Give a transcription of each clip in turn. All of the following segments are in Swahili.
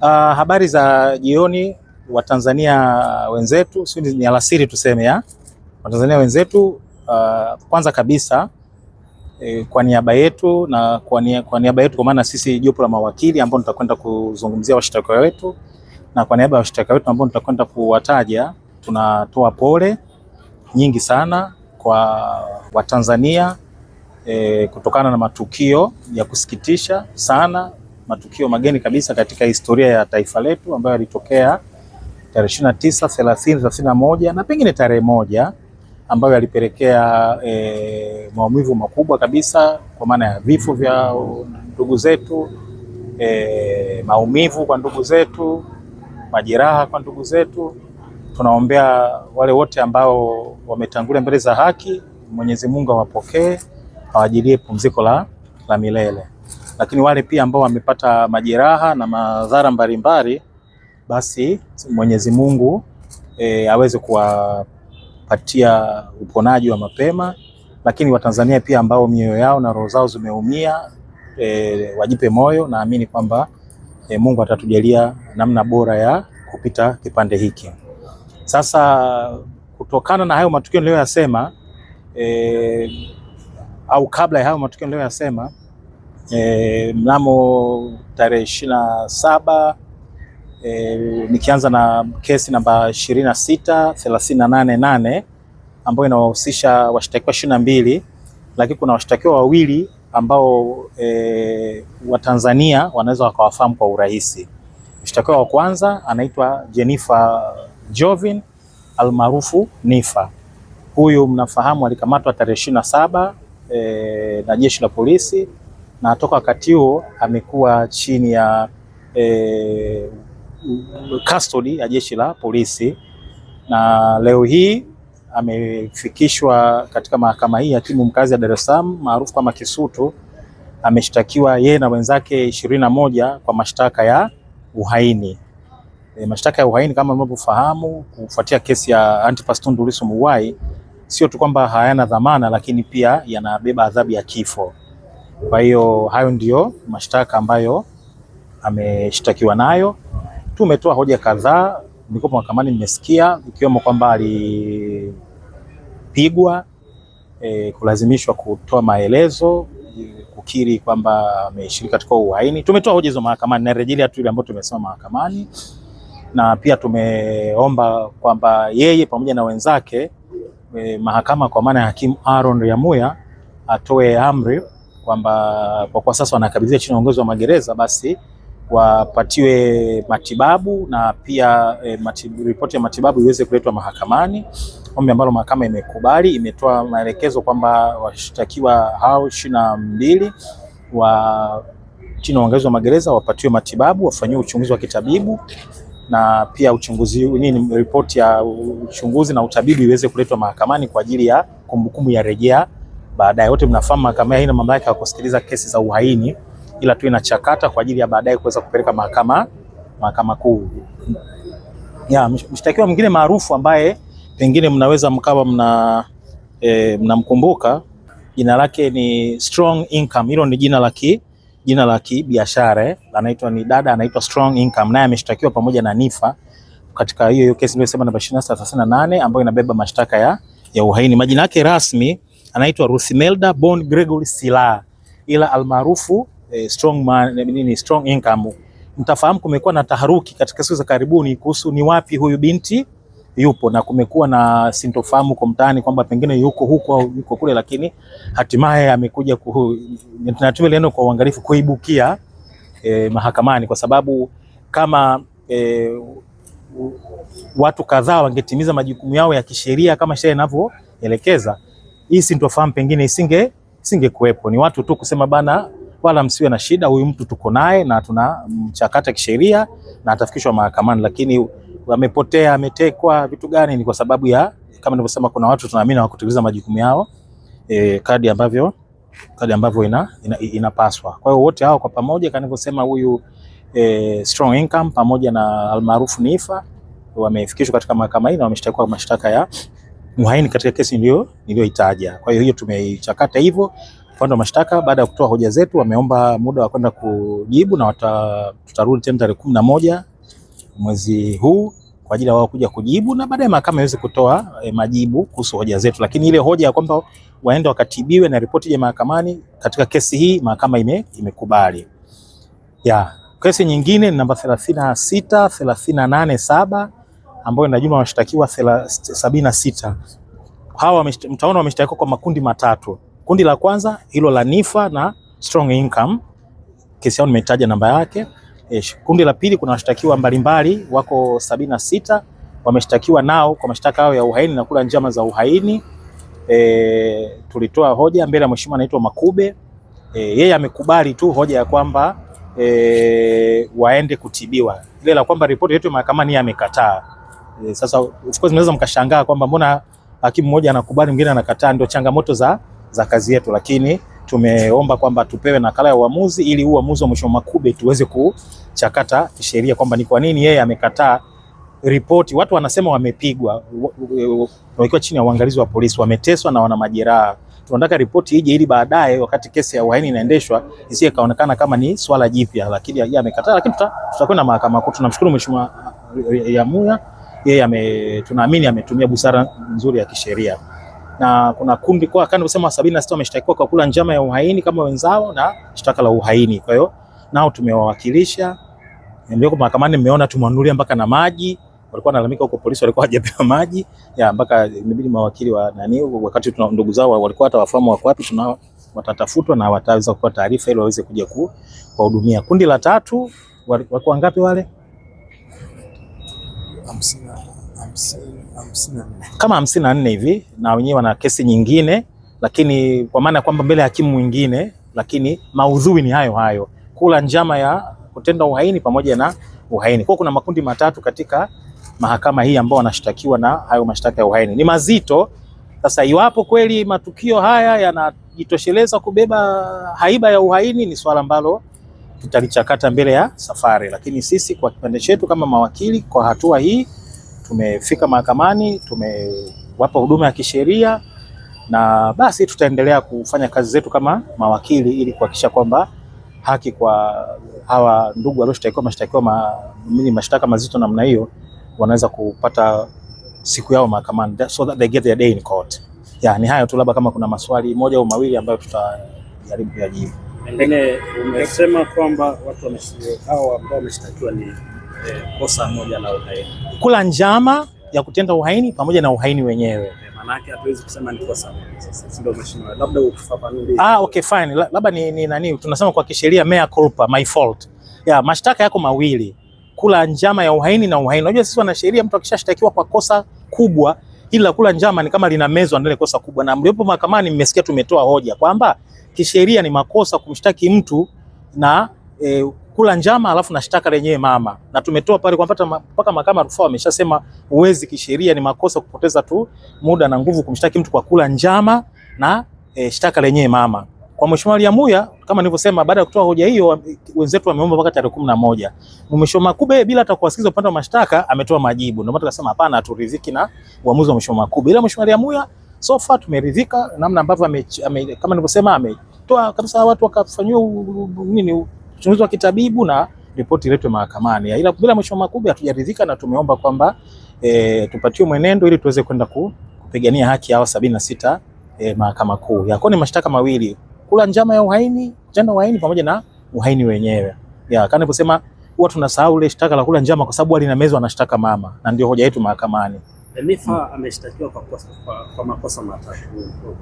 Uh, habari za jioni Watanzania wenzetu, si ni alasiri tuseme ya Watanzania wenzetu. Uh, kwanza kabisa eh, kwa niaba yetu na kwa niaba kwa niaba yetu, kwa maana sisi jopo la mawakili ambao tutakwenda kuzungumzia washtaka wetu na kwa niaba ya washtaka wetu ambao tutakwenda kuwataja, tunatoa pole nyingi sana kwa Watanzania eh, kutokana na matukio ya kusikitisha sana matukio mageni kabisa katika historia ya taifa letu ambayo yalitokea tarehe ishirini na tisa thelathini thelathini na moja na pengine tarehe moja ambayo yalipelekea e, maumivu makubwa kabisa kwa maana ya vifo vya ndugu zetu e, maumivu kwa ndugu zetu, majeraha kwa ndugu zetu. Tunaombea wale wote ambao wametangulia mbele za haki, Mwenyezi Mungu awapokee, awajilie pumziko la, la milele lakini wale pia ambao wamepata majeraha na madhara mbalimbali, basi Mwenyezi Mungu e, aweze kuwapatia uponaji wa mapema, lakini Watanzania pia ambao mioyo yao na roho zao zimeumia e, wajipe moyo, naamini kwamba e, Mungu atatujalia namna bora ya kupita kipande hiki. Sasa kutokana na hayo matukio niliyoyasema, e, au kabla ya hayo matukio niliyoyasema e, mnamo tarehe ishirini na saba e, nikianza na kesi namba ishirini na sita thelathini na nane nane ambayo inawahusisha washtakiwa ishirini na mbili lakini kuna washtakiwa wawili ambao e, eh, Watanzania wanaweza wakawafahamu kwa urahisi. Mshtakiwa wa kwanza anaitwa Jennifer Jovin almaarufu Nifa. Huyu mnafahamu alikamatwa tarehe ishirini na saba e, na jeshi la polisi na toka wakati huo amekuwa chini ya e, custody ya jeshi la polisi, na leo hii amefikishwa katika mahakama hii hakimu mkazi ya Dar es Salaam maarufu kama Kisutu. Ameshtakiwa yeye na wenzake ishirini na moja kwa mashtaka ya uhaini. E, mashtaka ya uhaini kama mnavyofahamu, kufuatia kesi ya Antipas Tundu Lissu Mughwai, sio tu kwamba hayana dhamana, lakini pia yanabeba adhabu ya kifo. Kwa hiyo hayo ndiyo mashtaka ambayo ameshtakiwa nayo. Tumetoa hoja kadhaa, nilikuwa mahakamani, nimesikia ikiwemo kwamba alipigwa, e, kulazimishwa kutoa maelezo, kukiri kwamba ameshiriki katika uhaini. Tumetoa hoja hizo mahakamani na rejelea tu ile ambayo tumesema mahakamani, na pia tumeomba kwamba yeye pamoja na wenzake e, mahakama kwa maana ya hakimu Aaron Ryamuya atoe amri kwamba kwa kwa sasa wanakabidhiwa chini ya uongozi wa magereza, basi wapatiwe matibabu na pia e, eh, matibu, ripoti ya matibabu iweze kuletwa mahakamani, ombi ambalo mahakama imekubali. Imetoa maelekezo kwamba washtakiwa hao ishirini na mbili wa chini ya uongozi wa magereza wapatiwe matibabu, wafanyiwe uchunguzi wa kitabibu na pia uchunguzi nini, ripoti ya uchunguzi na utabibu iweze kuletwa mahakamani kwa ajili ya kumbukumbu ya rejea baadaye. Wote mnafahamu mahakama haina mamlaka ya kusikiliza kesi za uhaini, ila tu inachakata kwa ajili ya baadaye kuweza kupeleka mahakama mahakama kuu. Ya mshtakiwa mwingine maarufu ambaye pengine mnaweza mkawa mna e, mnamkumbuka jina lake ni Strong Income. Hilo ni jina la ki jina la kibiashara, anaitwa ni dada anaitwa Strong Income, naye ameshtakiwa pamoja na Nifa katika hiyo hiyo kesi sema namba 2638 ambayo inabeba mashtaka ya ya uhaini. Majina yake rasmi anaitwa Rusimelda Bon Gregory Sila, ila almaarufu eh, strong man, eh, nini, strong income. Mtafahamu kumekuwa na taharuki katika siku za karibuni kuhusu ni wapi huyu binti yupo na kumekuwa na sintofahamu kwa mtaani kwamba pengine yuko huko au yuko kule, lakini hatimaye amekuja tunatume neno kwa uangalifu kuibukia eh, mahakamani kwa sababu kama eh, watu kadhaa wangetimiza majukumu yao ya kisheria kama sheria inavyoelekeza hii sintofahamu pengine isinge isingekuwepo. Ni watu tu kusema bana, wala msiwe na shida, huyu mtu tuko naye na tuna mchakata kisheria na atafikishwa mahakamani, lakini wamepotea, ametekwa, vitu gani? Ni kwa sababu ya kama nilivyosema, kuna watu tunaamini hawakutekeleza majukumu yao e, kadi ambavyo kadi ambavyo ina, ina, ina. Kwa hiyo wote hao kwa pamoja kama nilivyosema huyu e, Strong Income pamoja na almaarufu Nifa wamefikishwa katika mahakama hii na wameshtakiwa mashtaka ya muhaini katika kesi niliyoitaja. Kwa hiyo hiyo tumeichakata hivyo. Upande wa mashtaka baada ya kutoa hoja zetu wameomba muda wa kwenda kujibu na tutarudi tena tarehe kumi na moja mwezi huu kwa ajili ya wao kuja kujibu na baadaye mahakama iweze kutoa e, majibu kuhusu hoja zetu, lakini ile hoja ya kwamba waende wakatibiwe na ripoti ya mahakamani katika kesi hii mahakama ime, imekubali. Ya, kesi nyingine namba 36 38 7 ambayo ina jumla washtakiwa sabini na sita. Hawa mtaona wameshtakiwa kwa makundi matatu. Kundi la kwanza hilo la Nifa na Strong Income, kesi yao nimetaja namba yake. Eh, kundi la pili kuna washtakiwa mbalimbali wako sabini na sita wameshtakiwa nao kwa mashtaka yao ya uhaini na kula njama za uhaini. E, tulitoa hoja mbele ya mheshimiwa anaitwa Makube. E, yeye amekubali tu hoja ya kwamba e, waende kutibiwa. Ile la kwamba ripoti yetu mahakamani amekataa. E, sasa of course mnaweza mkashangaa kwamba mbona hakimu mmoja anakubali mwingine anakataa, ndio changamoto za, za kazi yetu, lakini tumeomba kwamba tupewe nakala ya uamuzi ili huu uamuzi wa Mheshimiwa Makube tuweze kuchakata kisheria kwamba ni kwa nini yeye amekataa ripoti. Watu wanasema wamepigwa, wakiwa chini ya uangalizi wa polisi, wameteswa na wana majeraha. Tunataka ripoti ije ili baadaye, wakati kesi ya uhaini inaendeshwa, isije kaonekana kama ni swala jipya, lakini yeye amekataa, lakini tutakwenda mahakamani. Tunamshukuru Mheshimiwa Yamuya yeye ame, tunaamini ametumia busara nzuri ya kisheria na kuna kundi kwa kana kusema sabini na sita wameshtakiwa kwa kula njama ya uhaini kama wenzao na shtaka la uhaini. Kwa hiyo nao tumewawakilisha ndio mahakamani, mmeona tumwanulia mpaka na maji. Walikuwa wanalalamika huko, polisi walikuwa hajapewa maji ya mpaka imebidi mawakili wa nani, wakati tuna ndugu zao walikuwa hata wafahamu wako wapi, tuna watatafutwa na wataweza kupewa taarifa ili waweze kuja kuwahudumia. Kundi la tatu walikuwa ngapi wale? hamsini kama hamsini na nne hivi, na wenyewe wana kesi nyingine, lakini kwa maana ya kwamba mbele ya hakimu mwingine, lakini maudhui ni hayo hayo, kula njama ya kutenda uhaini pamoja na uhaini. Kwa kuna makundi matatu katika mahakama hii ambao wanashtakiwa na hayo mashtaka ya uhaini, ni mazito. Sasa iwapo kweli matukio haya yanajitosheleza kubeba haiba ya uhaini, ni swala ambalo tutalichakata mbele ya safari, lakini sisi kwa kipande chetu kama mawakili, kwa hatua hii tumefika mahakamani, tumewapa huduma ya kisheria na basi tutaendelea kufanya kazi zetu kama mawakili ili kuhakikisha kwamba haki kwa hawa ndugu walioshtakiwa mashtakiwa ma, mashtaka mazito namna hiyo wanaweza kupata siku yao mahakamani, so that they get their day in court. Ya, ni hayo tu, labda kama kuna maswali moja au mawili ambayo tutajaribu kuyajibu. Pengine umesema kwamba watu hao ambao wameshtakiwa ni Eh, kosa moja la uhaini, kula njama ya kutenda uhaini pamoja na uhaini wenyewe. Eh, Manake hatuwezi kusema ni kosa moja, labda ufafanulie. Ah, okay fine, labda ni, ni nani tunasema kwa kisheria mea culpa, my fault. Ya mashtaka yako mawili, kula njama ya uhaini na uhaini. Unajua sisi wanasheria, mtu akishashtakiwa kwa kosa kubwa hili la kula njama ni kama linamezwa ndani kosa kubwa, na mliopo mahakamani mmesikia tumetoa hoja kwamba kisheria ni makosa kumshtaki mtu na e, kula njama alafu na shtaka lenyewe mama, na tumetoa pale kwa mpaka mpaka mahakama rufaa wameshasema uwezi kisheria, ni makosa kupoteza tu muda na nguvu kumshtaki mtu kwa kula njama na e, shtaka lenyewe mama. Kwa Mheshimiwa Lyamuya kama nilivyosema, baada ya kutoa hoja hiyo, wenzetu wameomba mpaka tarehe kumi na moja. Mheshimiwa Makube bila hata kuwasikiza upande wa mashtaka ametoa majibu, ndio maana tukasema hapana, haturidhiki na uamuzi wa Mheshimiwa Makube, ila Mheshimiwa Lyamuya so far tumeridhika namna ambavyo ame, ame, kama nilivyosema ametoa kabisa, watu wakafanyiwa nini uchunguzi wa kitabibu na ripoti iletwe mahakamani. Ila bila mwisho makubwa hatujaridhika na tumeomba kwamba e, tupatiwe mwenendo ili tuweze kwenda kupigania haki yao sabini na sita e, mahakama kuu. Yako ni mashtaka mawili, kula njama ya uhaini, tena uhaini pamoja na uhaini wenyewe. Ya kana kusema huwa tunasahau ile shtaka la kula njama kwa sababu alinamezwa na shtaka mama na ndio hoja yetu mahakamani. Niffer ameshtakiwa kwa, kwa, kwa makosa matatu.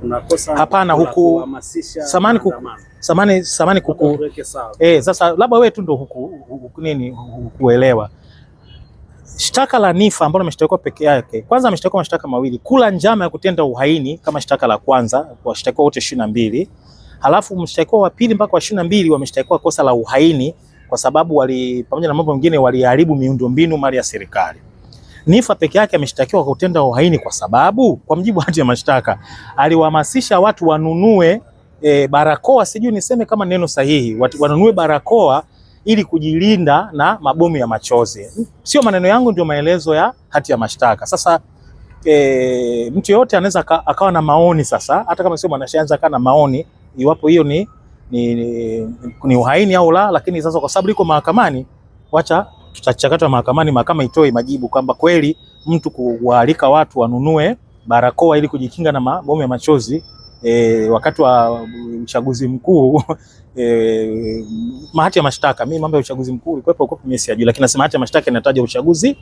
Kuna kosa hapana huku samani kuku, samani samani kuku. Eh, sasa labda wewe tu ndo huku, huku nini hukuelewa shtaka la Niffer ambalo ameshtakiwa peke yake. Kwanza ameshtakiwa mashtaka mawili, kula njama ya kutenda uhaini kama shtaka la kwanza, washtakiwa wote 22. na mbili halafu mshtakiwa wa pili mpaka wa 22 mbili wameshtakiwa kosa la uhaini kwa sababu wali pamoja na mambo mengine waliharibu miundombinu mali ya serikali. Niffer peke yake ameshtakiwa kwa kutenda uhaini kwa sababu kwa mjibu wa hati ya mashtaka aliwahamasisha watu wanunue e, barakoa, sijui niseme kama neno sahihi, wanunue barakoa ili kujilinda na mabomu ya machozi. Sio maneno yangu, ndio maelezo ya hati ya mashtaka. Sasa e, mtu yote anaweza akawa na maoni sasa, hata kama sio mwanasheria, akawa na maoni iwapo hiyo ni, ni, ni, ni uhaini au la, lakini sasa kwa sababu liko mahakamani, wacha tutachakatwa mahakamani, mahakama itoe majibu kwamba kweli mtu kuwaalika watu wanunue barakoa ili kujikinga na mabomu ya machozi e, wakati wa uchaguzi mkuu e, mahati ya mashtaka, mimi mambo ya uchaguzi mkuu ilikuwepo huko mimi sijui, lakini nasema hati ya mashtaka inataja uchaguzi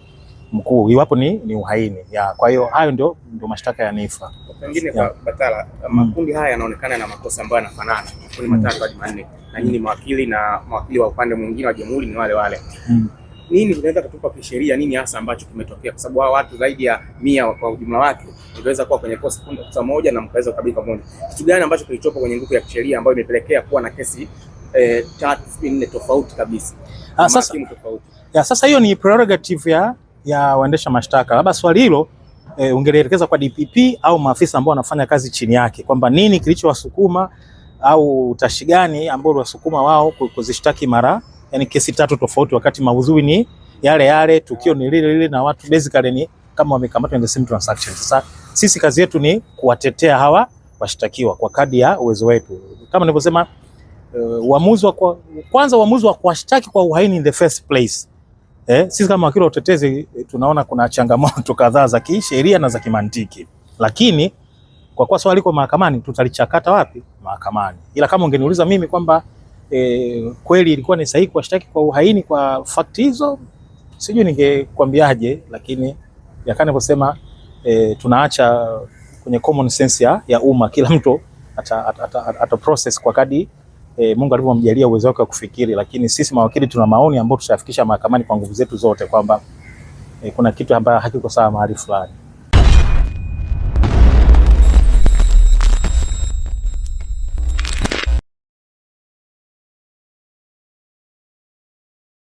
mkuu iwapo ni, ni uhaini ya. Kwa hiyo hayo ndio ndio mashtaka ya NIFA. Pengine kwa Batala, mm. makundi haya yanaonekana na makosa ambayo yanafanana makundi matatu mm. hadi manne, na nyinyi mawakili na mawakili wa upande mwingine wa jamhuri ni wale wale mm nini vinaweza kutupa kisheria, nini hasa ambacho kimetokea, kwa sababu hawa watu zaidi ya mia kwa ujumla wake iliweza kuwa kwenye kosa kundi moja na mkaweza kukabili pamoja. Kitu gani ambacho kilichopo kwenye nguvu ya kisheria ambayo imepelekea kuwa na kesi eh, tatu nne tofauti kabisa? Ah, sasa tofauti ya sasa, hiyo ni prerogative ya ya waendesha mashtaka. Labda swali hilo eh, ungelielekeza kwa DPP au maafisa ambao wanafanya kazi chini yake kwamba nini kilichowasukuma au utashi gani ambao uliwasukuma wao kuzishtaki mara yani kesi tatu tofauti, wakati maudhui ni yale yale, tukio ni lile lile, na watu basically ni kama wamekamatwa in the same transaction. Sasa sisi kazi yetu ni kuwatetea hawa washtakiwa kwa kadi ya uwezo wetu, kama nilivyosema. Uh, uamuzi wa kwa, kwanza uamuzi wa kuwashtaki kwa uhaini in the first place. Eh, sisi kama wakili wa utetezi eh, tunaona kuna changamoto kadhaa za kisheria na za kimantiki, lakini kwa kuwa swali liko mahakamani tutalichakata wapi? Mahakamani. Ila kama ungeniuliza mimi kwamba e, kweli ilikuwa ni sahihi kuwashtaki kwa uhaini kwa fakti hizo, sijui ningekwambiaje, lakini yakana kusema e, tunaacha kwenye common sense ya, ya umma. Kila mtu ata, ata, ata, ata process kwa kadi e, Mungu alivyomjalia uwezo wake wa kufikiri, lakini sisi mawakili tuna maoni ambayo tutayafikisha mahakamani kwa nguvu zetu zote kwamba e, kuna kitu ambacho hakiko sawa mahali fulani.